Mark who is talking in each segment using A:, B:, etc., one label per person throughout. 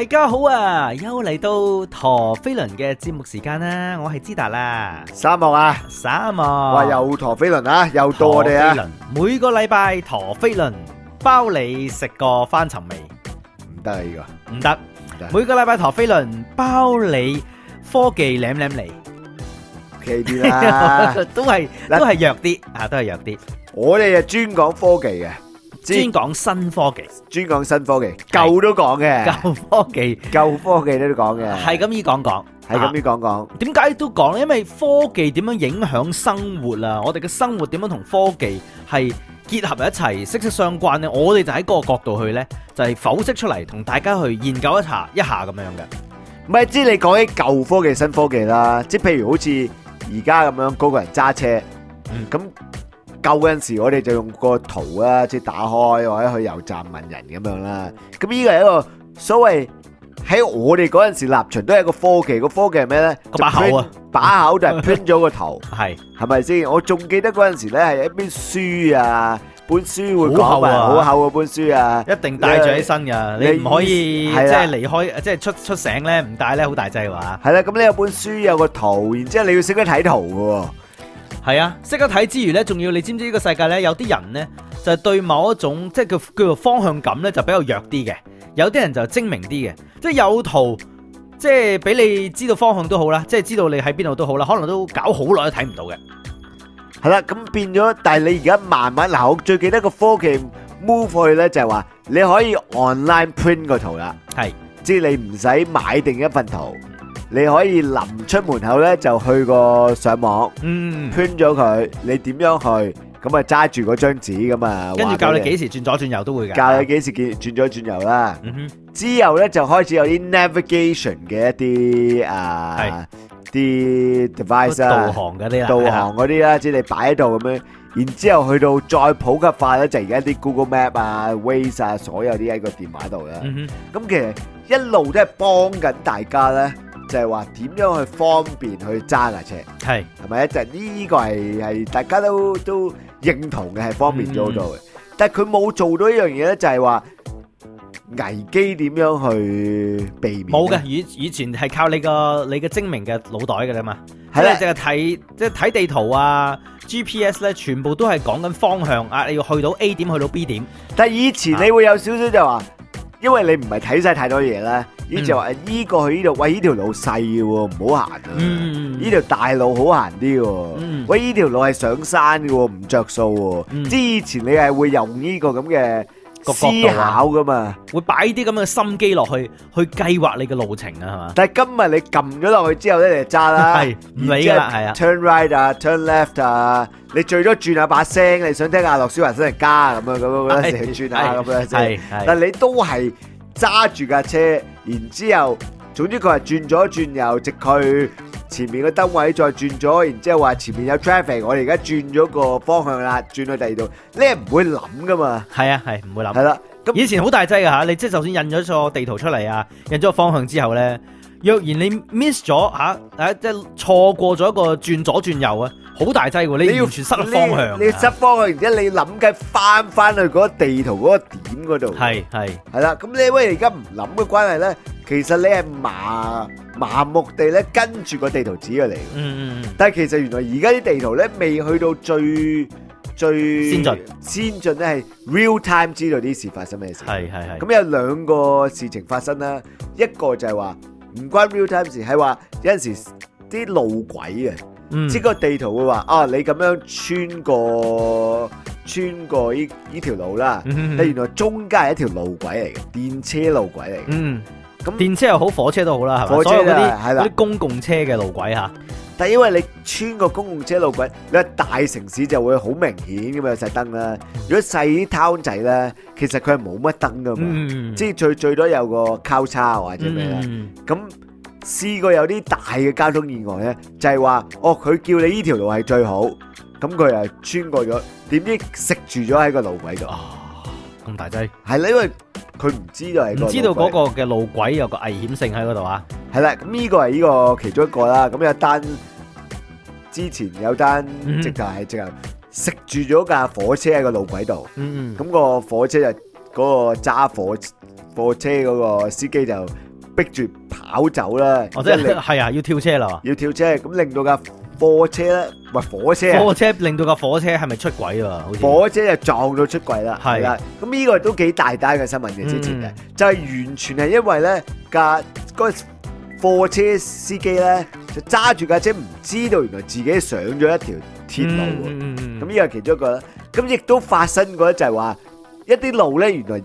A: 大家好啊！又嚟到陀飛輪嘅節目時間啦，我係知達啦。三望啊，三望，哇！又陀飛輪啊，又多啲啦。每個禮拜陀飛輪包你食個翻尋味，唔得啊呢個，唔得。每個禮拜陀飛輪包你科技舐舐嚟，OK 啲啦，都係都係弱啲啊，都係弱啲。我哋係專講科技嘅。專講新，新科技，專講新科技，舊都講嘅，舊科技、舊科技都講嘅，係咁易講講，係咁易講講。點解、啊、都講咧？因為科技點樣影響生活啊？我哋嘅生活點樣同科技係結合一齊，息息相關咧？我哋就喺嗰個角度去呢，就係剖析出嚟，同大家去研究一下一下咁樣嘅。唔係，知你講起
B: 舊科技、新科技啦，即係譬如好似而家咁樣，嗰個人揸車，咁、嗯。舊嗰陣時，我哋就用個圖啊，即係打開或者去油站問人咁樣啦。咁呢個係一個所謂喺我哋嗰陣時立場，都係一個科技。個科技係咩咧？把口啊！把口就係 print 咗個圖，係係咪先？我仲記得嗰陣時咧，係一本書啊，本書會好厚啊，好厚嗰本書啊，一定帶住喺身噶。你唔可以即係離
A: 開，即係出出城咧，唔帶咧好大劑話。
B: 係啦，咁你有本書，有個圖，然之後你要識得睇圖噶。
A: 係啊，識得睇之餘咧，仲要你知唔知呢個世界咧，有啲人咧就對某一種即係叫叫做方向感咧就比較弱啲嘅，有啲人就精明啲嘅，即係有圖即係俾你知道方向都好啦，即係知道你喺邊度都好啦，可能都搞好耐都睇唔到嘅，係啦，咁
B: 變咗，但係你而家慢慢嗱、啊，我最記得個科技 move 去咧就係話你可以 online print 個圖啦，係的，即係你唔使買定一份圖。你可以臨出門口咧就去個上網，嗯，print 咗佢，你點樣去？咁啊揸住嗰張紙咁啊，跟住教你幾
A: 時轉左轉右都會噶，教你
B: 幾時見轉左轉右啦。之後咧就開始有啲 navigation 嘅一啲啊，係啲 device 啊，導航嗰啲啊，導航嗰啲啦，即係你擺喺度咁樣，然之後去到再普及化咧，就而家啲 Google Map 啊、Waze 啊，所有啲喺個電話度啦。咁其實一路都係幫緊大家咧。就係話點樣去方便去揸架車，係係咪啊？就呢、是、個係係大家都都認同嘅，係方便做到嘅。但係佢冇做到一樣嘢咧，就係話危機點樣去避免？冇嘅，
A: 以以前係靠你個你嘅精明嘅腦袋噶啦嘛，係啦是的，淨係睇即係睇地圖啊，GPS 咧，全部都係講緊方向啊，你要去到 A 點去到 B 點。但係以前你會有少少就
B: 話，因為你唔係睇
A: 晒太多嘢咧。
B: 依就話依個去呢度，喂，呢條路細喎，唔好行
A: 啊！呢
B: 條大路好行啲喎，喂，呢條路係上山嘅，唔着數喎。之前你係會用呢個咁嘅思考噶
A: 嘛？會擺啲咁嘅心機落去去計劃你嘅路程啊，係嘛？
B: 但係今日你撳咗落去之後咧你就揸啦，係，唔理啦，然之後係啊，turn right 啊，turn left 啊，你最多轉下把聲，你想聽阿樂少還是加咁啊咁樣旋轉啊咁樣，但你都係。揸住架車，然之後，總之佢話轉左轉右直去前面個燈位，再轉左，然之後話前面有 traffic，我哋而家轉咗個方向啦，轉去第二度，你係唔會諗噶嘛？
A: 係啊，係唔會諗。係啦，啊，咁以前好大劑噶吓，你即係就算印咗個地圖出嚟啊，印咗個方向之後咧，若然你 miss 咗吓，誒、啊、即係錯過咗一個轉左轉右啊！好大劑㗎，你要全失方向，你要失方向，而家你諗緊翻翻去嗰個地圖嗰個點嗰度，係係
B: 係啦。咁呢位而家唔諗嘅關係咧，其實你係麻麻木地咧跟住個地圖指佢嚟。嗯嗯。但係其實原來而家啲地圖咧未去到最最先進，先進咧係 real time 知道啲事發生咩事。係係係。咁有兩個事情發生啦，一個就係話唔關 real time 事，係話有陣時啲路軌啊。即個、嗯、地圖會話啊，你咁樣穿過穿過呢呢條路啦，嗯、原來中間係一條路軌嚟嘅，電車路軌嚟嘅。嗯，
A: 咁那電車又好，火車都好啦，係嘛？火車啊、所以嗰啲係啦，嗰啲
B: 的公共車嘅路軌吓。嗯、但因為你穿過公共車路軌，你喺大城市就會好明顯咁啊，有晒燈啦。如果細啲 town 仔咧，其實佢係冇乜燈噶嘛。嗯，嗯即最最多有個交叉或者咩啦。咁、嗯嗯嗯試過有啲大嘅交通意外咧，就係、是、話哦，佢叫你呢條路係最好，咁佢就穿過咗，點知食住咗喺、哦、個路軌度啊！
A: 咁大劑係因為佢唔知道，唔知道嗰個嘅路軌有個危險性喺嗰度啊！
B: 係啦，咁呢個係呢個其中一個啦。咁有單之前有單、嗯嗯、即係直係食住咗架火車喺個路軌度，咁、嗯嗯、個火車就嗰、嗰個揸火火車嗰個司機就。逼住跑走啦！哦，即係係
A: 啊，要跳車啦！要跳車，咁令到
B: 架貨車咧，唔係火車，火
A: 車令到架火車係咪出軌喎？好似火
B: 車就撞到出軌啦，係啦是。咁呢個都幾大單嘅新聞嘅之前嘅、嗯那個，就係完全係因為咧架嗰貨車司機咧就揸住架車唔知道原來自己上咗一條鐵路，咁呢、嗯、個其中一個啦。咁亦都發生過就一就係話一啲路咧原來。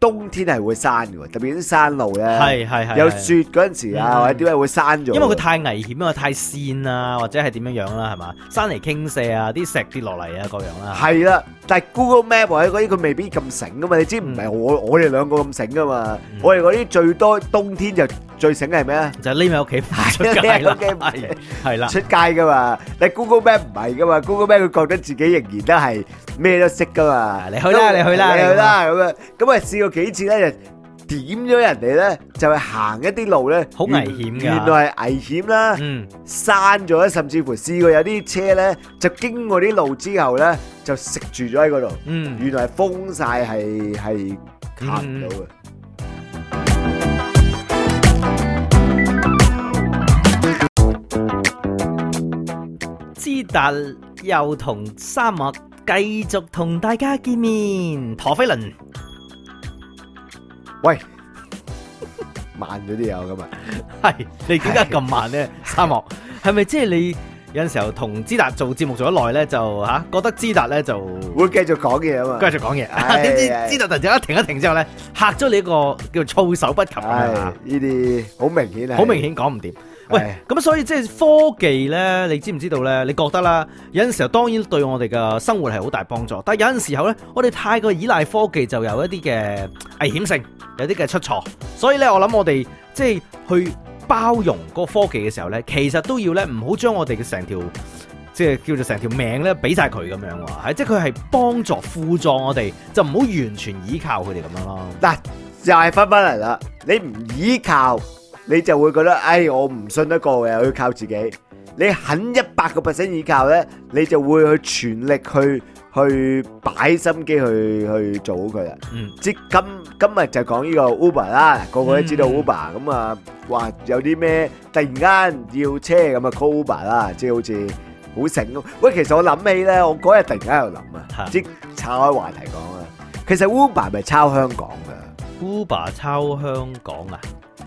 B: 冬天係會山嘅，特別啲山路咧，係係係有雪嗰陣時啊、嗯，或者點解會山咗。因為佢
A: 太危險啊，太跣啊，或者係點樣樣啦，係嘛，山泥傾瀉啊，啲石跌落嚟啊，各樣啦。係
B: 啦，但係 Google Map 喺嗰啲佢未必咁醒噶嘛，你知唔係我、嗯、我哋兩個咁醒噶嘛，嗯、我哋嗰啲最多冬天就最醒係咩啊？
A: 就匿喺屋企，出街。
B: 匿喺屋企，
A: 係啦，
B: 出街噶的嘛的。但係 Google Map 唔係噶嘛，Google Map 佢覺得自己仍然都係。咩都識噶嘛，你去啦，你去啦，你去啦咁樣，咁啊試過幾次咧，點咗人哋咧，就係行一啲路咧，好危險㗎！原來係危險啦，嗯，閂咗，甚至乎試過有啲車咧，就經過啲路之後咧，就食住咗喺嗰度，嗯，原來封曬係係卡唔到
A: 嘅。之但又同沙漠。繼續同大家見面，陀飛輪。喂，
B: 慢咗啲啊，今日
A: 係你點解咁慢咧？沙漠係咪即係你有陣時候同知達做節目做得耐咧就吓、啊、覺得知達咧就
B: 會繼續講嘢啊嘛，繼續講嘢。點 知知
A: 達突然間停，停一停之後咧吓咗你一個叫措手不及啊！呢
B: 啲好明顯啊，好明顯
A: 講唔掂。喂，咁所以即係科技呢，你知唔知道呢？你覺得啦，有陣時候當然對我哋嘅生活係好大幫助，但係有陣時候呢，我哋太過依賴科技就有一啲嘅危險性，有啲嘅出錯。所以呢，我諗我哋即係去包容個科技嘅時候呢，其實都要呢，唔好將我哋嘅成條即係叫做成條命呢，俾晒佢咁樣喎，係即係佢係幫助輔助我哋，就唔好完全依靠佢哋咁樣咯。嗱、啊，
B: 就係翻翻嚟啦，你唔依靠。你就會覺得，哎，我唔信得過嘅，我要靠自己。你肯一百個 percent 倚靠咧，你就會去全力去去擺心機去去做好佢啦。嗯，即今今日就講呢個 Uber 啦，個個都知道 Uber 咁啊，哇，有啲咩突然間要車咁啊，call Uber 啦，即好似好醒囉。喂，其實我諗起咧，我嗰日突然間又諗啊，
A: 即岔開話題講啊，
B: 其實 Uber 咪抄香港
A: 㗎，Uber 抄香港啊！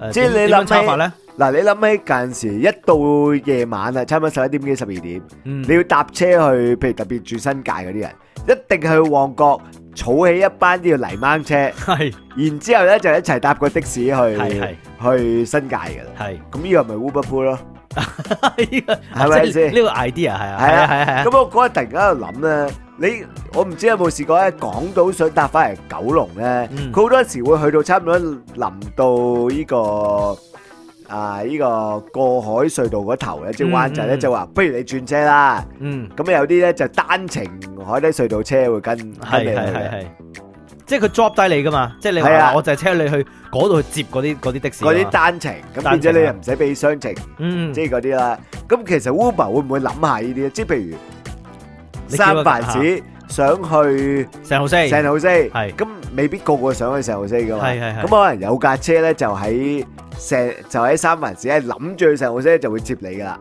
A: 即係你諗咩？
B: 嗱，你諗起近時一到夜晚啊，差唔多十一點幾十二點，你要搭車去，譬如特別住新界嗰啲人，一定去旺角，儲起一班呢個泥掹車，係，然之後咧就一齊搭個的士去，去新界嘅，係。咁呢個咪 Uber Pool 咯？
A: 係咪先？呢個 idea 係啊，係啊，係啊。咁我嗰日突然間喺度諗咧。
B: 你我唔知有冇試過咧，港島想搭翻嚟九龍咧，佢好多時會去到差唔多臨到呢個啊呢個過海隧道嗰頭咧，即係灣仔咧，就話不如你轉車啦。嗯，咁有啲咧就單程海底隧道車會跟，係係係係，
A: 即係佢 drop 低你㗎嘛，即係你係啊，我就係車你去嗰度去接嗰啲嗰啲的士，嗰啲單程，咁而且你又唔使
B: 俾雙程，嗯，即係嗰啲啦。咁其實 Uber 會唔會諗下呢啲咧？即係譬如。
A: 三藩市
B: 想去石澳西，石澳西係咁未必個個想去石澳西嘅嘛，咁可能有架車咧就喺石就喺三藩市，喺諗住去石澳西
A: 就會接你噶啦。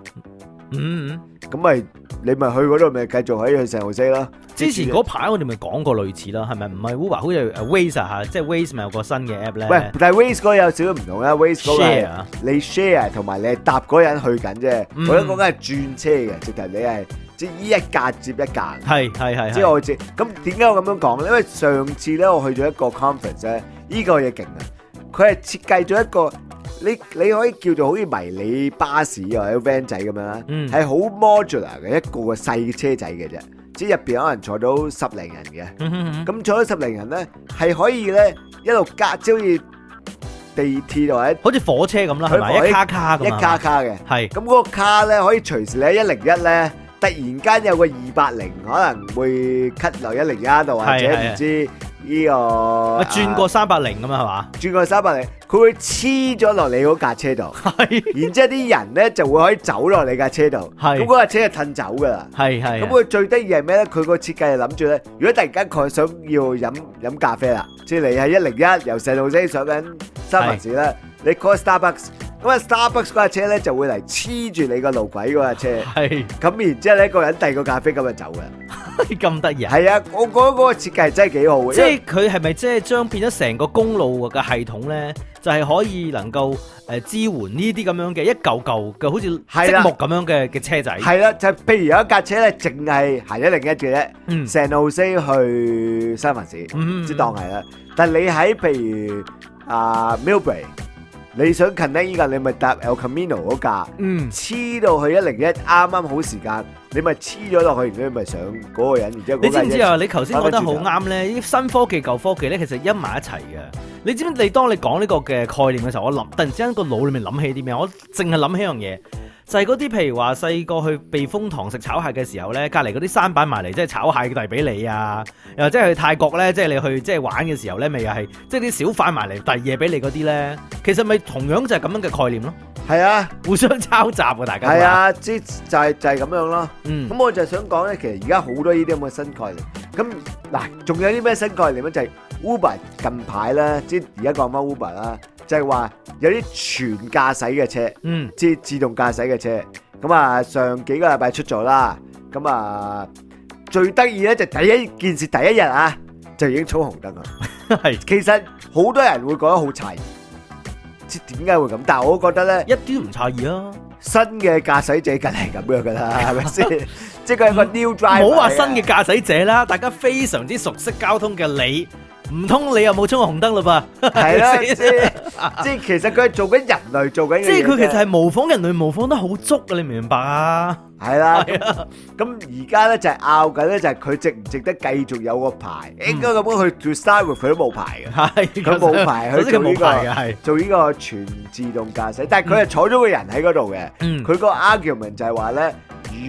A: 嗯，
B: 咁咪你咪去嗰度咪繼續可以去石澳西咯。
A: 之前嗰排我哋咪講過類似咯，係咪唔係 Uber？好似 Waze 吓，即係 Waze 咪有個新嘅 app 咧。喂，
B: 但係 Waze 嗰有少少唔同啊，Waze share 你 share 同埋你係搭嗰人去緊啫，我諗嗰間係轉車嘅，直頭你係。即依一格接一格，
A: 係係係。即係我
B: 知咁點解我咁樣講咧？因為上次咧我去咗一個 conference 咧，依個嘢勁啊！佢係設計咗一個，你你可以叫做好似迷你巴士或者 van 仔咁樣啦，係好 modular 嘅一個個細車仔嘅啫。即係入邊可能坐到十零人嘅，咁坐咗十零人咧係可以咧一路隔即好似地鐵或者好似火車咁啦，係咪一卡卡咁啊？一卡卡嘅，係咁嗰個卡咧可以隨時咧一零一咧。突然間有個二百零可能會 cut 落一零一度，或者唔知依、這個的、啊、轉過
A: 三百零咁嘛？係嘛？
B: 轉過三百零，佢會黐咗落你嗰架車度。然之後啲人咧就會可以走落你架車度。咁嗰架車就褪走㗎啦。
A: 係係。咁佢
B: 最得意係咩咧？佢個設計係諗住咧，如果突然間佢想要飲飲咖啡啦，即係你係一零一由細路仔上緊三文治啦，是的 你 call Starbucks。咁啊，Starbucks 嗰架車咧就會嚟黐住你個路軌嗰架車，係咁然之後咧，一個人遞個咖啡咁就走嘅，
A: 咁得意
B: 啊！係啊，我覺得個設計真係幾好嘅。即係
A: 佢係咪即係將變咗成個公路嘅系統咧，就係可以能夠誒支援呢啲咁樣嘅一嚿嚿嘅好似積木咁樣嘅嘅車仔？係
B: 啦，就譬如有一架車咧，淨係行一零一嘅啫，成路西去西文士，即當係啦。但你喺譬如啊，Millbury。你想 connect 依架，你咪搭 El Camino 嗰架，黐、嗯、到去一零一，啱啱好時間，你咪黐咗落去，然之後咪上嗰個人，然之後。你知唔知啊？你頭先講得好
A: 啱咧，呢啲新科技舊科技咧，其實一埋一齊嘅。你知唔知？你當你講呢個嘅概念嘅時候，我諗突然之間個腦裡面諗起啲咩？我淨係諗起樣嘢。就係嗰啲，譬如話細個去避風塘食炒蟹嘅時候咧，隔離嗰啲舢舨擺埋嚟，即係炒蟹遞俾你啊；又或者去泰國咧，即係你去即係玩嘅時候咧，咪又係即係啲小販擺埋嚟遞嘢俾你嗰啲咧。其實咪同樣就係咁樣嘅概念咯。係啊，互相抄襲啊，大家。係啊，
B: 即就係、是、就係、是、咁樣咯。咁、嗯、我就係想講咧，其實而家好多呢啲咁嘅新概念。咁嗱，仲有啲咩新概念咧？就係、是、Uber 近排咧，即而家講返 Uber 啦。就係話有啲全駕駛嘅車，嗯，即係自動駕駛嘅車，咁啊上幾個禮拜出咗啦，咁啊最得意咧就第一件事，第一日啊就已經衝紅燈啦。係，其實好多人會覺得好詫異，即係點解會咁？但係我都覺得咧，一啲唔詫異啊。新嘅駕駛者梗係咁樣噶啦，係咪先？即係佢係個 new driver。唔好話新
A: 嘅駕駛者啦，大家非常之熟悉交通嘅你。唔通你又冇衝過紅燈嘞噃？係啦，即係其實佢係做緊人類做緊嘢，即係佢其實係模仿人類模仿得
B: 好足啊！你明唔明白啊？係啦，咁而家咧就係拗緊咧，就係佢值唔值得繼續有個牌？應該咁講，佢特斯拉佢都冇牌
A: 嘅，佢冇牌去做呢個
B: 做呢個全自動駕駛，但係佢係坐咗個人喺嗰度嘅。佢個 argument 就係話咧，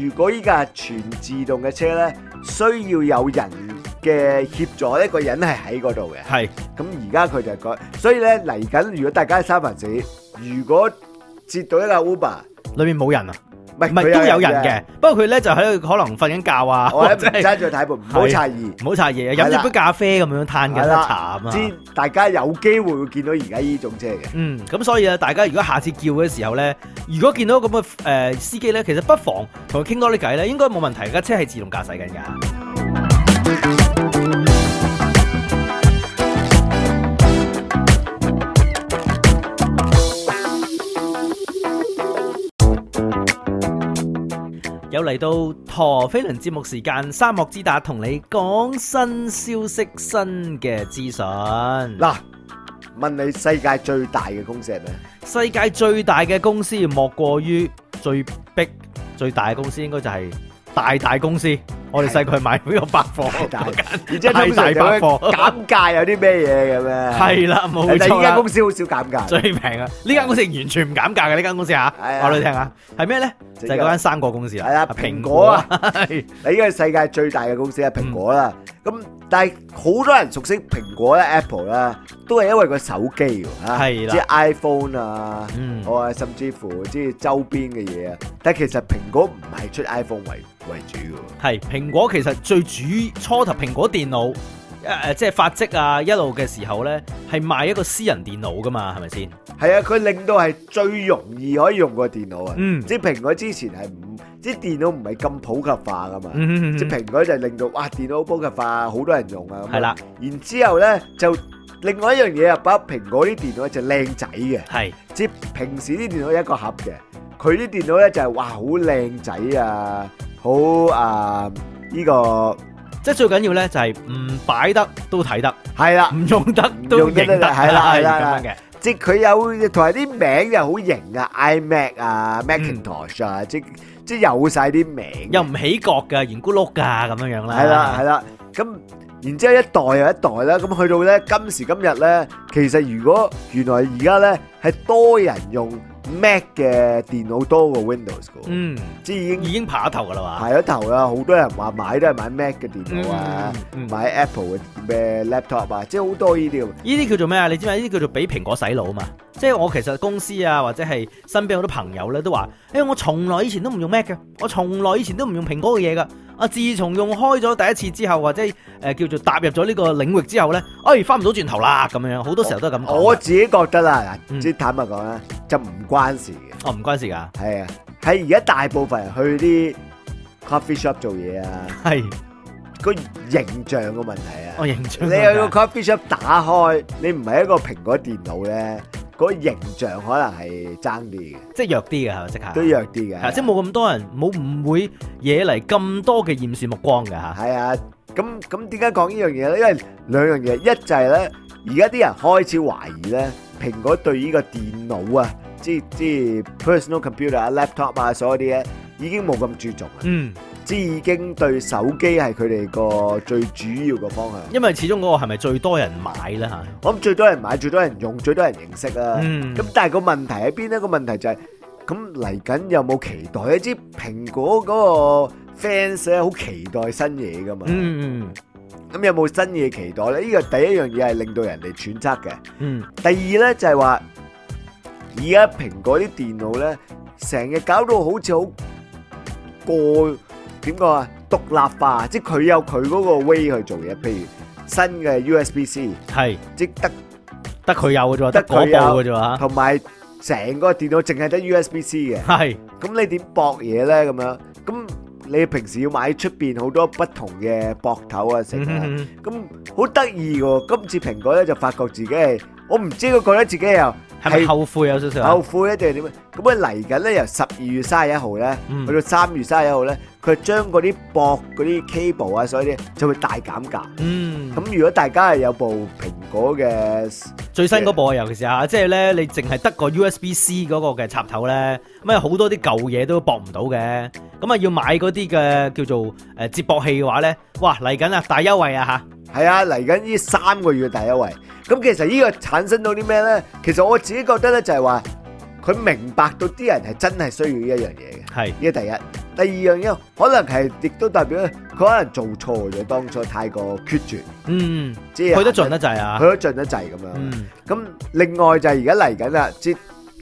B: 如果依架全自動嘅車咧需要有人嘅協助呢個人係喺嗰度嘅，係咁而家佢就個，所以咧嚟緊。如果大家三藩市，如果接到一架 Uber，裏面
A: 冇人啊？唔係唔係都有人嘅，不過佢咧就喺度可能瞓緊覺啊。我喺屏山睇部，唔好猜疑，唔好猜疑啊！飲咗杯咖啡咁樣嘆緊一茶啊！知大家有機會會見到而家呢種車嘅，嗯咁所以啊，大家如果下次叫嘅時候咧，如果見到咁嘅誒司機咧，其實不妨同佢傾多啲偈咧，應該冇問題。架車係自動駕駛緊㗎。又嚟到陀飛輪節目時間，沙漠之達同你講新消息新、新嘅資訊。嗱，問你世界最大嘅公司係咩？世界最大嘅公司莫過於最逼，最大公司，應該就係大大公司。我哋細個去買邊個百貨，大間，而家都大百貨
B: 減價有啲咩嘢咁咩？係啦，冇錯啦。而家公司好少減價，最
A: 平啊！呢間公司完全唔減價嘅，呢間公司嚇，我話你聽下
B: 係咩咧？就係嗰間水果公司啦，係啦，蘋果啊，
A: 係，你
B: 依家世界最大嘅公司係蘋果啦，咁。但係好多人熟悉蘋果咧、Apple 咧，都係因為個手機喎，嚇，係啦，即係 iPhone 啊，我、嗯、話甚至乎即係周邊嘅嘢啊。但係其實蘋果唔係出 iPhone 為為主嘅，
A: 係蘋果其實最主，初頭蘋果電腦誒誒、呃，即係發跡啊一路嘅時候咧，係賣一個私人電腦噶嘛，係咪先？
B: 係啊，佢令到係最容易可以用嘅電腦啊。嗯，即係蘋果之前係唔。啲電腦唔係咁普及化噶嘛，即係蘋果就令到哇電腦普及化，好多人用啊。係啦，然之後咧就另外一樣嘢啊，包括蘋果啲電腦就靚仔嘅，即係平時啲電腦一個盒嘅，佢啲電腦咧就係哇好靚仔啊，好啊，呢個
A: 即係最緊要咧就係唔擺得都睇得，係啦，唔用得都型得，係啦，係啦嘅，
B: 即係佢有同埋啲名又好型啊，iMac 啊，Macintosh 啊，即係。即有晒啲名，
A: 又唔起角㗎，圓咕碌㗎咁樣樣啦。係啦，係
B: 啦。咁然之後一代又一代啦，咁去到咧今時今日咧，其實如果原來而家咧係多人用 Mac 嘅電腦多過
A: Windows 嘅。嗯，即已經已經爬頭啦嘛。
B: 爬咗頭啦，好多人話買都係買 Mac 嘅電腦啊，買 Apple 嘅咩 laptop 啊，即好多呢啲。呢
A: 啲叫做咩啊？你知唔知？呢啲叫做俾蘋果洗腦嘛。即係我其實公司啊，或者係身邊好多朋友咧都話，哎、欸，我從來以前都唔用 Mac 嘅，我從來以前都唔用蘋果嘅嘢噶。啊，自從用開咗第一次之後，或者誒叫做踏入咗呢個領域之後咧，哎，翻唔到轉頭啦，咁樣，好多時候都係咁講。我，我
B: 自己覺得啊，即坦白講咧，就唔關事
A: 嘅。哦，唔關事噶？
B: 係啊，係而家大部分人去啲 coffee shop 做嘢啊，係、啊、個形象嘅問題
A: 啊。我形象。你去個
B: coffee shop 打開，你唔係一個蘋果電腦咧。個形象可能係爭啲嘅，
A: 即係弱啲嘅係咪？即係都弱啲嘅，啊的，的即係冇咁多人，冇唔會惹嚟咁多嘅厭視目光㗎嚇。係啊，
B: 咁咁點解講呢樣嘢咧？因為兩樣嘢，一就係咧，而家啲人開始懷疑咧，蘋果對呢個電腦啊，即係即係 personal computer 啊、laptop 啊，所有啲嘢已經冇咁注重。嗯。知已經對手機係佢哋個最主要個方向，
A: 因為始終嗰個係咪最多人買咧嚇？我諗最多人買、最多
B: 人用、最多人認識啊。咁但係個問題喺邊咧？個問題就係咁嚟緊有冇期待咧？知蘋果嗰個 fans 好期待新嘢噶嘛？嗯嗯。咁有冇新嘢期待咧？呢個第一樣嘢係令到人哋揣測嘅。嗯。第二咧就係話，而家蘋果啲電腦咧，成日搞到好似好過。點講啊？獨立化，即係佢有佢嗰個 way 去做嘢。譬如新嘅 USB C 係是，即得得佢
A: 有嘅啫，得佢有嘅啫。
B: 同埋成個電腦淨係得 USB C 嘅，係咁是你點駁嘢咧？咁樣咁你平時要買出邊好多不同嘅駁頭啊，成咁好得意嘅。今次蘋果咧就發覺自己係我唔知佢覺得自己又。係咪後悔？有少少，後悔。一定係點樣？咁啊嚟緊咧，由十二月卅一號咧，去、嗯、到三月卅一號咧，佢將嗰啲駁嗰啲 cable 啊，所以咧就會大減價。嗯，咁如果大家係有部蘋果嘅
A: 最新嗰部啊，尤其是嚇，即係咧你淨係得 US 個 USB C 嗰個嘅插頭咧，咁啊好多啲舊嘢都駁唔到嘅。咁啊要買嗰啲嘅叫做誒接駁器嘅話咧，哇嚟緊啊大優惠啊嚇！
B: 係啊嚟緊呢三個月嘅大優惠。咁其實呢個產生到啲咩咧？其實我自己覺得咧，就係話佢明白到啲人係真係需要呢一樣嘢嘅。係呢個第一。第二樣嘢可能係亦都代表咧，佢可能做錯咗當初，太過決絕。
A: 嗯，即係佢都盡得滯啊，佢
B: 都盡得滯咁樣。咁、嗯、另外就係而家嚟緊啦，即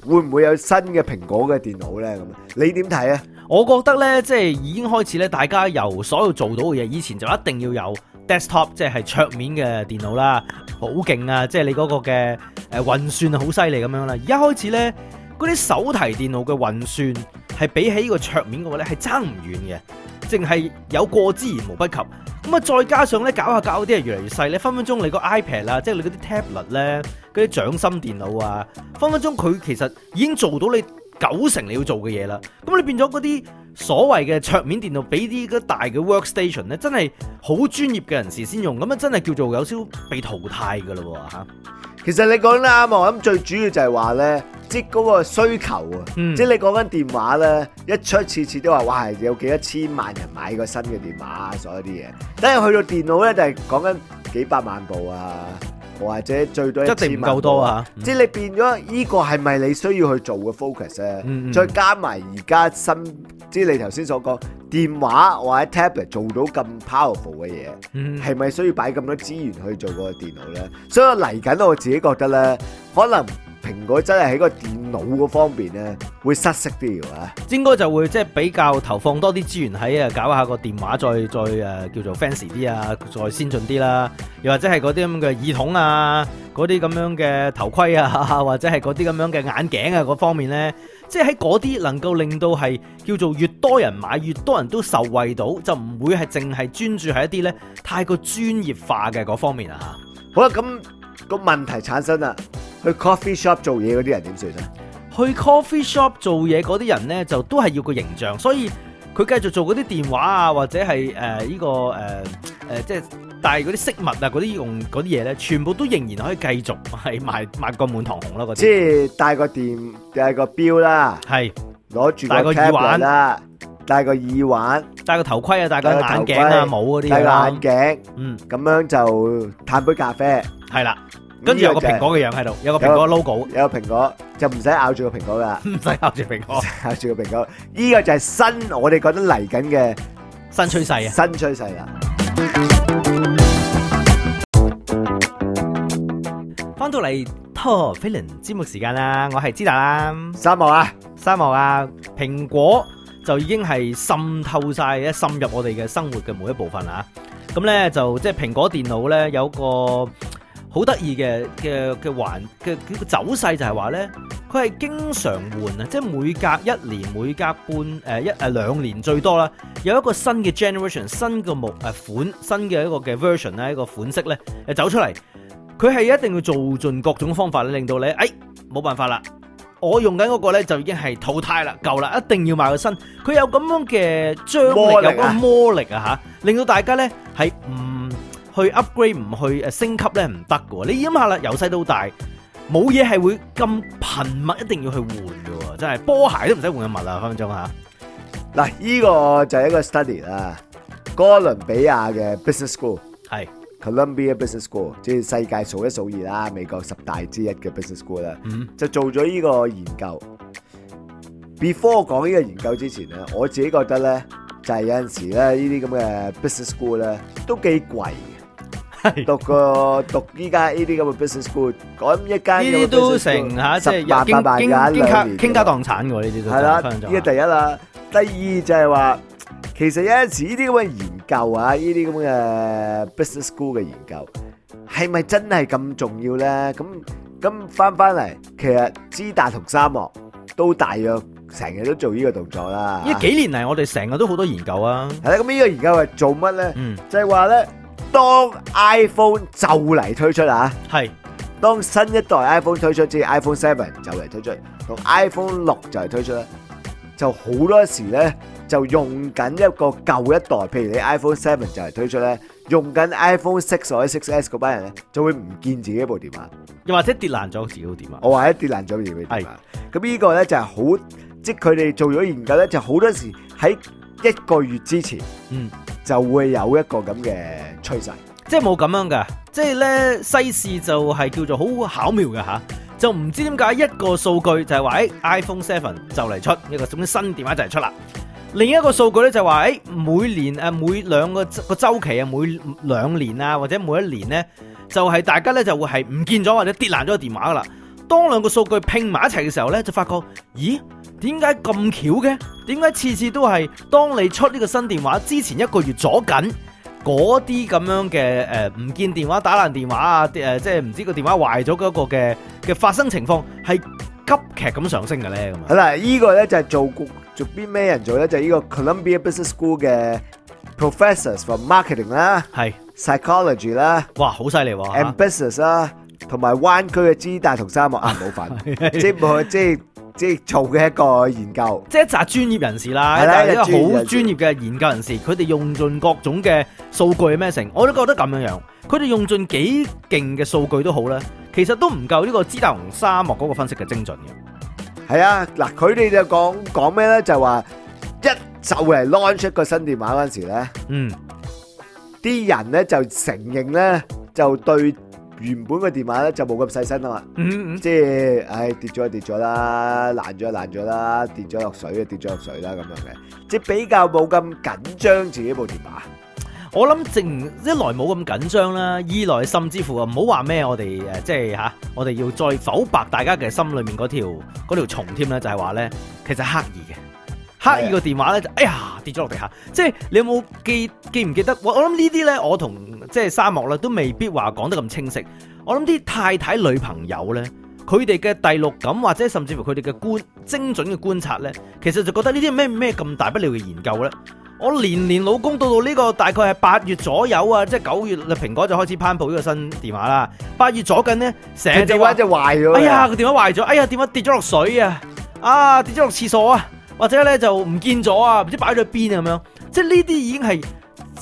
B: 會唔會有新嘅蘋果嘅電腦咧？咁你
A: 點睇啊？我覺得咧，即係已經開始咧，大家由所有做到嘅嘢，以前就一定要有。desktop 即係桌面嘅電腦啦，好勁啊！即係你嗰個嘅誒運算好犀利咁樣啦。而家開始咧，嗰啲手提電腦嘅運算係比起呢個桌面嘅話咧，係差唔遠嘅，淨係有過之而無不及。咁啊，再加上咧，搞下搞嗰啲係越嚟越細咧，你分分鐘你個 iPad 啦，即係你嗰啲 tablet 咧，嗰啲掌心電腦啊，分分鐘佢其實已經做到你。九成你要做嘅嘢啦，咁你變咗嗰啲所謂嘅桌面電腦，俾啲大嘅 workstation 咧，真係好專業嘅人士先用，咁啊真係叫做有少少被淘汰嘅咯喎吓。其實你講
B: 啦，啱喎，我諗咁最主要就係話咧，即係嗰個需求啊，嗯、即係你講緊電話咧，一出次次都話哇有幾多千萬人買個新嘅電話啊，所有啲嘢，但係去到電腦咧就係講緊幾百萬部啊。或者最多一千萬，一定唔夠多啊！ 即係你變咗呢個係咪你需要去做嘅 focus 咧？ 再加埋而家新，即係你頭先所講電話或者 tablet 做到咁 powerful 嘅嘢，係咪 需要擺咁多資源去做個電腦咧？所以我嚟緊我自己覺得咧，可能。蘋果真係喺個電腦嗰方面咧，會失色啲㗎嘛？
A: 應該就會即係比較投放多啲資源喺啊，搞下個電話再再誒叫做 fancy 啲啊，再先進啲啦。又或者係嗰啲咁嘅耳筒啊，嗰啲咁樣嘅頭盔啊，或者係嗰啲咁樣嘅眼鏡啊嗰方面咧，即係喺嗰啲能夠令到係叫做越多人買，越多人都受惠到，就唔會係淨係專注喺一啲咧，太過專業化嘅嗰方面啊嚇。好啦，咁個問題產生啦。
B: 去 coffee shop 做嘢嗰啲人點算咧？
A: 去 coffee shop 做嘢嗰啲人咧，就都係要個形象，所以佢繼續做嗰啲電話啊，或者係誒呢個誒誒、呃呃、即係帶嗰啲飾物啊，嗰啲用嗰啲嘢咧，全部都仍然可以繼續係賣賣個滿堂紅咯、啊。即
B: 係帶個電帶個錶啦，係攞住帶個耳環啦，
A: 戴個耳環，戴個頭盔啊，戴個眼鏡啊，帽嗰啲，戴個眼
B: 鏡，嗯，咁樣就嘆杯咖啡，
A: 係啦、嗯。跟住有個蘋果嘅樣喺度，有個蘋果
B: logo，有個蘋果就唔使咬住個蘋果㗎，唔
A: 使咬住蘋果，
B: 咬住個蘋果。依個就係新，我哋覺得嚟緊嘅新趨勢啊，新趨勢啦。
A: 翻到嚟，陀飛輪節目時間啦，我係知達啦。沙漠啊，沙漠啊，蘋果就已經係滲透晒，深入我哋嘅生活嘅每一部分啊。咁咧就即係蘋果電腦咧，有個。好得意嘅嘅嘅環嘅嘅走勢就係話咧，佢係經常換啊，即係每隔一年、每隔半誒一誒兩年最多啦，有一個新嘅 generation、新嘅目誒款、新嘅一個嘅 version 咧，一個款式咧，誒走出嚟，佢係一定要做盡各種方法咧，令到你誒冇辦法啦，我用緊嗰個咧就已經係淘汰啦，夠啦，一定要買個新，佢有咁樣嘅張力，有嗰個魔力啊吓，令到大家咧係唔。去 upgrade 唔去誒升級咧唔得嘅，你諗下啦，由細到大冇嘢係會咁頻密，一定要去換嘅，真係波鞋都唔使換嘅物啦！分分鐘吓，
B: 嗱，呢個就係一個 study 啦，哥倫比亞嘅 business school 係 Columbia business school，即係世界數一數二啦，美國十大之一嘅 business school 啦，就做咗呢個研究。Before 講呢個研究之前咧，我自己覺得咧，就係有陣時咧，呢啲咁嘅 business school 咧都幾貴。讀個讀依家呢啲咁嘅 business school，改一間呢啲都成吓，即係入經經經經經家傾家
A: 蕩產嘅呢啲，係啦，呢個
B: 第一啦，第二就係話，其實有陣時呢啲咁嘅研究啊，呢啲咁嘅 business school 嘅研究，係咪真係咁重要咧？咁咁翻翻嚟，其實知達同沙漠都大約成日都做呢個動作啦。呢幾年嚟，我哋成日都好多研究啊。係啦，咁呢個研究係做乜咧？嗯，就係話咧。當 iPhone 就嚟推出啦，係。當新一代 iPhone 推出，即係 iPhone Seven 就嚟推出，同 iPhone 六就嚟推出咧，就好多時咧就用緊一個舊一代，譬如你 iPhone Seven 就嚟推出咧，用緊 iPhone Six 或者 Six S 嗰班人咧就會唔見自己一部電話，
A: 又或者跌爛咗自己部電話。
B: 我話一跌爛咗自己部電話。係。咁呢個咧就係好，即係佢哋做咗研究咧，
A: 就好多時喺一個月之前，嗯。就會有一個咁嘅趨勢，即係冇咁樣噶，即係咧西市就係叫做好巧妙嘅吓、啊，就唔知點解一個數據就係話 iPhone 7就嚟出一個咁嘅新電話就嚟出啦，另一個數據呢，就係話誒，每年誒每兩個個周期啊，每兩年啊或者每一年呢，就係、是、大家呢就會係唔見咗或者跌爛咗個電話噶啦。當兩個數據拼埋一齊嘅時候咧，就發覺，咦，點解咁巧嘅？點解次次都係當你出呢個新電話之前一個月咗緊，嗰啲咁樣嘅誒，唔見電話打爛電話啊，誒、呃，即係唔知個電話壞咗嗰個嘅嘅發生情況係急劇咁上升嘅咧？咁啊，
B: 好啦 and business.、啊，呢個咧就係做做邊咩人做咧？就係呢個 Columbia Business School 嘅 professors for marketing 啦，係 psychology 啦，
A: 哇，好犀利喎，and
B: business 啦。同埋灣區嘅資大同沙漠壓倒粉，即係冇，即係即係做嘅一個研究，即
A: 係一紮專業人士啦，係啦，一個好專業嘅研究人士，佢哋用盡各種嘅數據咩成，我都覺得咁樣樣，佢哋用盡幾勁嘅數據都好啦，其實都唔夠呢個資大同沙漠嗰個分析嘅精準嘅。
B: 係啊，嗱，佢哋就講講咩咧？就話一就嚟 launch 一個新電話嗰陣時咧，
A: 嗯，
B: 啲人咧就承認咧就對。原本嘅電話咧就冇咁細心啊嘛，即係唉跌咗就跌咗啦，爛咗就爛咗啦，跌咗落水就跌咗落水啦咁樣嘅，即係比較冇咁緊張自己部電話。
A: 我諗正一來冇咁緊張啦，二來甚至乎啊唔好話咩，我哋誒即係吓，我哋要再否白大家嘅心裏面嗰條嗰條蟲添咧，就係話咧其實刻意嘅。刻意個電話咧就哎呀跌咗落地下，即係你有冇記記唔記得？我我諗呢啲咧，我同即係沙漠啦，都未必話講得咁清晰。我諗啲太太女朋友咧，佢哋嘅第六感或者甚至乎佢哋嘅觀精準嘅觀察咧，其實就覺得呢啲咩咩咁大不了嘅研究咧。我年年老公到到呢個大概係八月左右啊，即係九月蘋果就開始攀布呢個新電話啦。八月左近咧，成只話隻壞咗。哎呀個電話壞咗，哎呀電話跌咗落水啊！啊跌咗落廁所啊！或者咧就唔見咗啊，唔知擺咗邊啊咁樣，即係呢啲已經係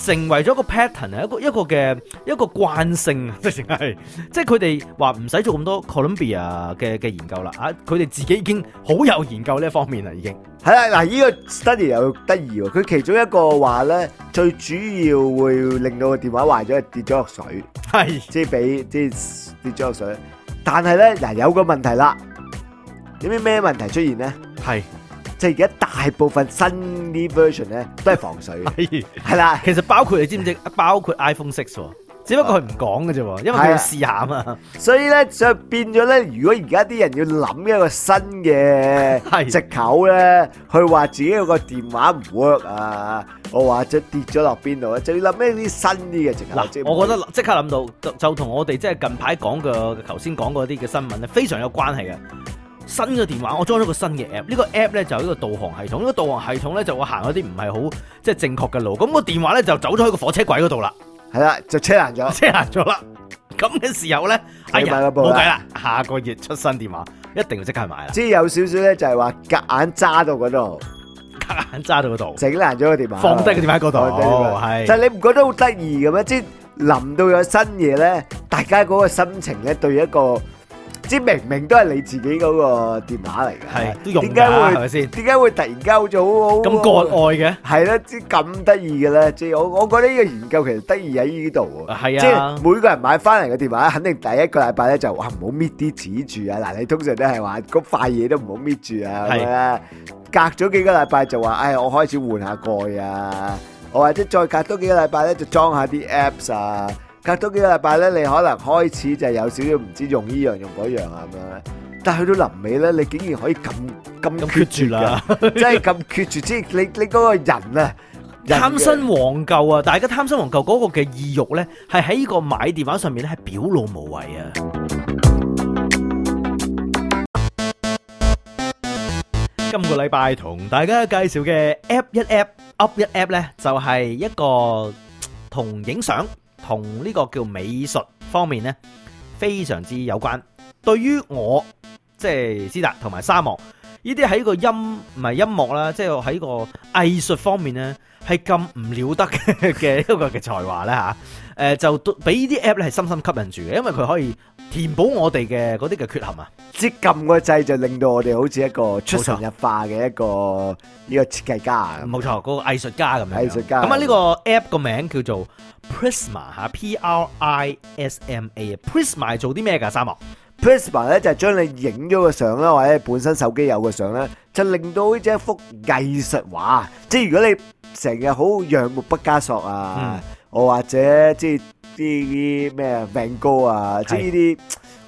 A: 成為咗一個 pattern 啊，一個一個嘅一個慣性啊， 即係即係佢哋話唔使做咁多 Columbia 嘅嘅研究啦啊，佢哋自己已經好有研究呢一方面啦，已經係啦嗱，呢、這個
B: study 又得意喎，佢其中一個話咧最主要會令到個電話壞咗係跌咗落水，係是的 即係俾即係跌咗落水，但係咧嗱有個問題啦，有咩咩問題出現咧？係。即係而家大部分新
A: 啲 version 咧都係防水，係啦 的。其實包括你知唔知？ 包括 iPhone Six 喎，只不過佢唔講嘅啫，因為佢要試下啊嘛。所以咧就變咗咧，如
B: 果而家啲人要諗一個新嘅藉口咧，的去話自己個電話唔 work 啊，我話即跌咗落邊度啊，就要諗一啲新啲嘅藉口。啊、我，我覺得
A: 即刻諗到 就就同我哋即係近排講嘅頭先講嗰啲嘅新聞咧，非常有關係嘅。新嘅電話，我裝咗個新嘅 app，呢個 app 咧就係呢個導航系統，呢個導航系統咧就會行嗰啲唔係好即係正確嘅路，咁個電話咧就走咗去個火車軌嗰度啦，係
B: 啦就車爛
A: 咗，車爛咗啦，咁嘅時候咧，冇計啦，下個月出新電話，一定要即刻買啦，即
B: 係有少少咧就係話夾硬揸到嗰度，
A: 夾硬揸到嗰度，整爛咗個電話，放低個電話喺嗰度，哦係，但係
B: 你唔覺得好得意嘅咩？即係臨到有新嘢咧，大家嗰個心情咧對一個。知明明都係你自己嗰個電話嚟嘅，係都用下，係咪先？點解會突然間好似好好咁割愛嘅？係啦，即係咁得意嘅咧，即係我我覺得呢個研究其實得意喺呢度喎。係啊，即係每個人買翻嚟嘅電話，肯定第一個禮拜咧就話唔好搣啲紙住啊！嗱，你通常都係話嗰塊嘢都唔好搣住啊，隔咗幾個禮拜就話唉，我開始換下蓋啊，我或者再隔多幾個禮拜咧就裝下啲 Apps 啊。隔咗幾個禮拜咧，你可能開始就有少少唔知用呢樣用嗰樣啊咁樣。但係去到臨尾咧，你竟然可以咁咁決絕喇，即係咁決絕！即
A: 係你你嗰個人啊，
B: 貪新忘
A: 舊啊。大家貪新忘舊嗰個嘅意欲咧，係喺呢個買電話上面係表露無遺啊！今個禮拜同大家介紹嘅 App 一 App up 一 App 咧，就係一個同影相。同呢個叫美術方面呢，非常之有關。對於我即係、就是、斯達同埋沙漠呢啲喺個音唔係音樂啦，即係喺個藝術方面呢，係咁唔了得嘅 一個嘅才華呢。吓、啊，誒就俾呢啲 app 咧係深深吸引住嘅，因為佢可以。填補我哋嘅嗰啲嘅缺陷啊！
B: 接係撳個掣就令到我哋好似一個出神入化嘅一個呢、呢個設
A: 計家，冇錯，個藝術家咁樣。藝術家咁啊，呢個 app 個名叫做 Prisma 吓，P R I S M A。啊。Prisma 做啲咩噶？三毛 Prisma 咧，就
B: 將、是、你影咗嘅相啦，或者本身手機有嘅相咧，就令到呢隻一幅藝術畫。即係如果你成日好仰慕畢加索啊，嗯、我或者即係。啲啲咩啊，梵高啊，即係呢啲，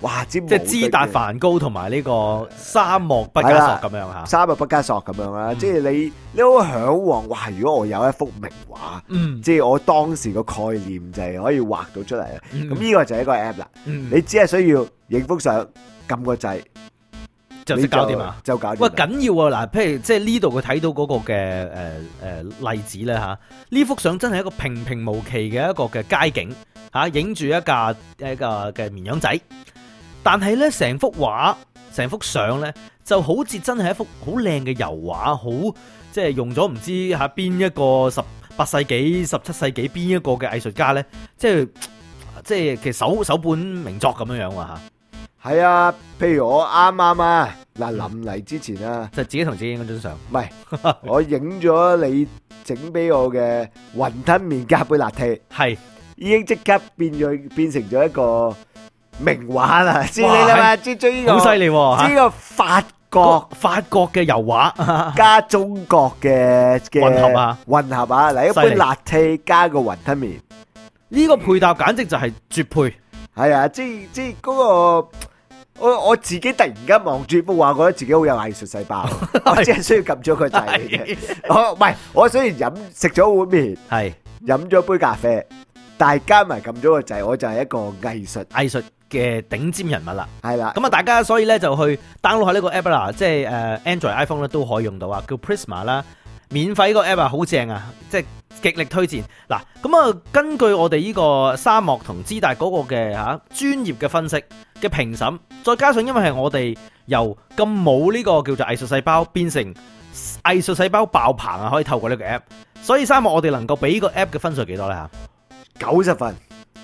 B: 哇！即知《之達梵
A: 高》同埋呢個《沙漠畢、嗯、加索》咁樣吓，《沙
B: 漠畢加索》咁
A: 樣啦。即係你
B: 你好向往，哇！如果我有一幅名畫，嗯、即係我當時個概念就係可以畫到出嚟啦。咁呢、嗯、個就係一個 A P P 啦。你只係需要影幅相，撳個
A: 掣，就識搞掂啊！就搞掂。喂，緊要喎！嗱，譬如即係呢度佢睇到嗰個嘅誒誒例子咧吓，呢幅相真係一個平平無奇嘅一個嘅街景。嚇，影住一架一個嘅綿羊仔但呢，但係咧，成幅畫、成幅相咧，就好似真係一幅好靚嘅油畫。好即係用咗唔知嚇邊一個十八世紀、十七世紀邊一個嘅藝術家咧，即係即係其實手手本名作咁樣樣吓，嚇。
B: 係啊，譬如我啱啱啊嗱，臨嚟之前啊，就自己同
A: 自己影嗰張相，
B: 唔係 我影咗你整俾我嘅雲吞麵加杯拿鐵，係。已經即刻變咗，變成咗一個名畫啦，知你啦嘛？
A: 知唔知呢個？好犀利，呢個法國法國嘅油
B: 畫加中國嘅嘅混合啊，混合啊！嚟一杯拿鐵加個雲吞麵，
A: 呢個配搭簡直就係絕配。係啊，即係即係嗰個我我自
B: 己突然間望住幅畫，覺得自己好有藝術細胞，我只係需要撳咗個掣。我唔係，我雖然飲食咗碗麵，係飲咗杯咖啡。大家
A: 咪撳咗個掣，我就係一個藝術藝術嘅頂尖人物啦，係啦了。咁啊，大家所以呢，就去 download 下呢個 app 啦，即係誒 Android、iPhone 咧都可以用到啊，叫 Prisma 啦，免費呢個 app 好正啊，即係極力推薦。嗱，咁啊，根據我哋呢個沙漠同之大嗰個嘅嚇專業嘅分析嘅評審，再加上因為係我哋由咁冇呢個叫做藝術細胞變成藝術細胞爆棚啊，可以透過呢個 app，所以沙漠我哋能夠俾呢個 app 嘅分數幾多呢？嚇？九十分，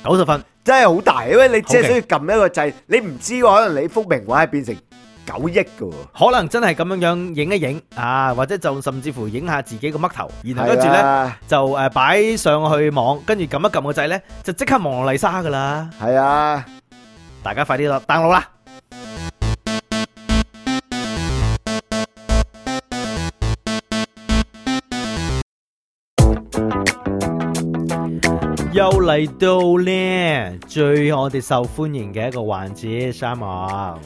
A: 九十分真係好大，因為你只需要撳一個掣，Okay. 你唔知可能你幅名畫係變成九億噶，可能真係咁樣樣影一影啊，或者就甚至乎影下自己個嘜頭，然後跟住咧是、啊、就誒擺、呃、上去網，跟住撳一撳個掣咧就即刻望落麗莎噶啦。係是啊，大家快啲落 download 啦。又嚟到呢，最我哋受歡迎嘅一個環節，沙漠。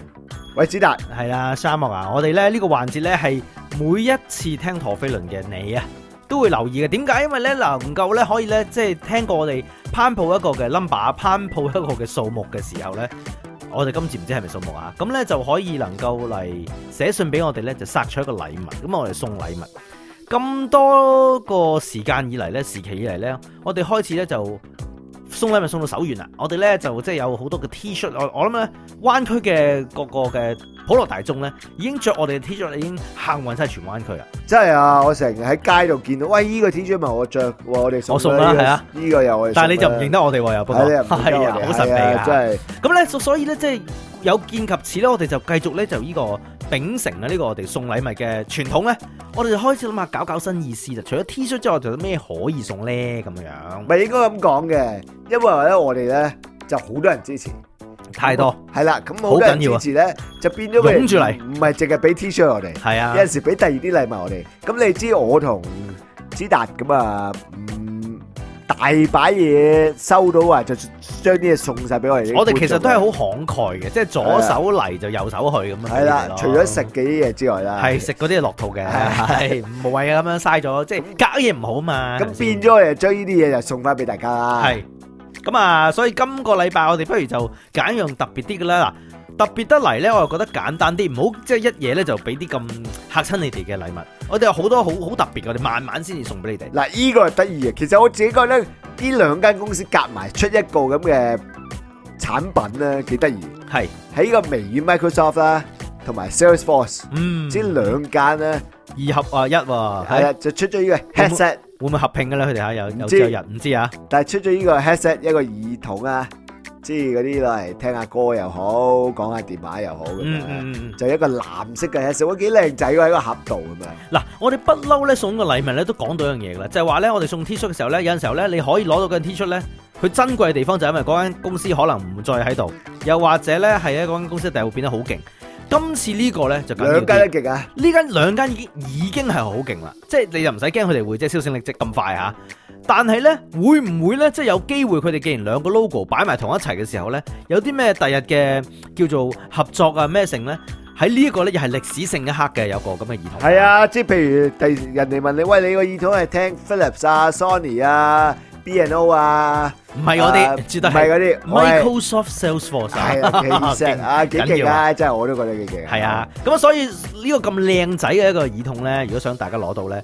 A: 喂，子達，係啦，沙漠啊，我哋咧呢個環節呢，係每一次聽陀飛輪嘅你啊，都會留意嘅。點解？因為呢，能夠呢，可以呢，即係聽過我哋攀報一個嘅 number，攀報一個嘅數目嘅時候呢，我哋今次唔知係咪數目啊？咁呢，就可以能夠嚟寫信俾我哋呢，就索取一個禮物。咁我哋送禮物。咁多個時間以嚟咧，時期以嚟咧，我哋開始咧就送禮物係咪送到手軟啦。我哋咧就即係有好多嘅 T 恤。我我諗咧灣區嘅各個嘅普羅大眾咧，已經着我哋嘅 T 恤已經行勻曬全灣區啦。
B: 真係啊！我成日喺街度見到，喂，依、這個 T 恤咪我着？我哋我送啦，係、這個、啊，呢
A: 個又我但係你就唔認得我哋喎，又不過係啊，好神秘啊。真係。咁咧的，所以咧，即係。有見及此咧，我哋就繼續咧就呢個秉承啊呢個我哋送禮物嘅傳統咧，我哋就開始諗下搞搞新意思，就除咗 T-shirt 之外，仲有咩可以送咧？咁樣唔係
B: 應該咁講嘅，因為咧我哋咧就好多人支持，太多係啦。咁好多人支持咧，就變咗捧住嚟，唔係淨係俾 T-shirt 我哋。係啊，有陣時俾第二啲禮物我哋。咁是、啊、你知我同子達咁啊？係擺嘢收到啊，就將啲嘢送晒俾我哋。我哋其實都係好
A: 慷慨嘅，即係左手嚟了就右手去咁啊。係啦，除咗食嘅啲嘢之外啦，係食嗰啲嘢落肚嘅，係冇了的謂啊咁樣嘥咗， 即係隔嘢唔好嘛。咁
B: 變咗我哋就將呢啲嘢就送翻俾大家啦。係
A: 咁啊，所以今個禮拜我哋不如就揀一樣特別啲嘅啦嗱。特別得嚟咧，我又覺得簡單啲，唔好即係一嘢咧就俾啲咁嚇親你哋嘅禮物。我哋有好多好好特別，我哋慢慢先至送俾你哋。嗱，呢個係得意嘅，其實我自己覺得呢兩間公司夾埋出
B: 一個咁嘅產品咧，幾得意。係喺個微軟 Microsoft 啦，同埋 Salesforce，嗯，即係兩間咧
A: 二合啊一，係啊，就出
B: 咗呢個 headset，會
A: 唔會，會，會合併噶咧？佢哋下有有有人，唔知啊？但係出
B: 咗呢個 headset 一個耳筒啊。知嗰啲都係聽下歌又好，講下電話又好嘅，就、mm hmm. 一個藍色嘅，食個幾靚仔喎喺個盒度咁樣。嗱、
A: 嗯，我哋不嬲咧送個禮物咧都講到一樣嘢噶啦，就係話咧我哋送 T 恤嘅時候咧，有陣時候咧你可以攞到嗰件 T 恤咧，佢珍貴嘅地方就是、因為嗰間公司可能唔再喺度，又或者咧係喺嗰間公司第日會變得好勁。今次呢個咧就兩間都極啊，呢間兩間已經已經係好勁啦，即、就、係、是、你就唔使驚佢哋會即係銷聲匿跡咁快吓。但係咧，會唔會咧，即係有機會佢哋既然兩個 logo 擺埋同一齊嘅時候咧，有啲咩第日嘅叫做合作啊咩性咧？喺呢一個咧又係歷史性一刻嘅有個咁嘅耳筒。
B: 係啊，即係譬如第人哋問你，喂，你個耳筒係聽 Philips 啊、Sony 啊、B&O n 啊，唔係嗰啲，絕對係嗰啲 Microsoft
A: Salesforce 啊，幾勁啊，幾勁是啊，真係我都覺得幾勁。係啊，咁所以呢個咁靚仔嘅一個耳筒咧，如果想大家攞到咧。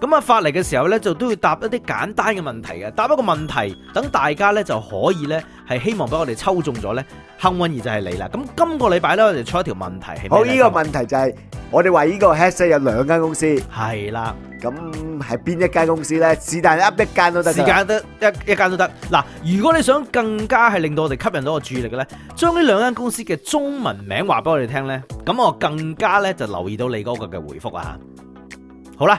A: 咁啊，發嚟嘅時候呢，就都要答一啲簡單嘅問題嘅答。一個問題，等大家呢就可以呢，係希望俾我哋抽中咗呢。幸運兒就係你啦。咁今個禮拜呢，我哋出一條問題，是是呢好呢，這個
B: 問題就係，是， 我哋話呢個 headset 有兩間公司係啦。咁係邊一間公司呢？是但一間都得，一間得，
A: 一一間都得嗱。如果你想更加係令到我哋吸引到個注意力嘅呢，將呢兩間公司嘅中文名話俾我哋聽呢。咁我更加呢，就留意到你嗰個嘅回覆啊。好啦。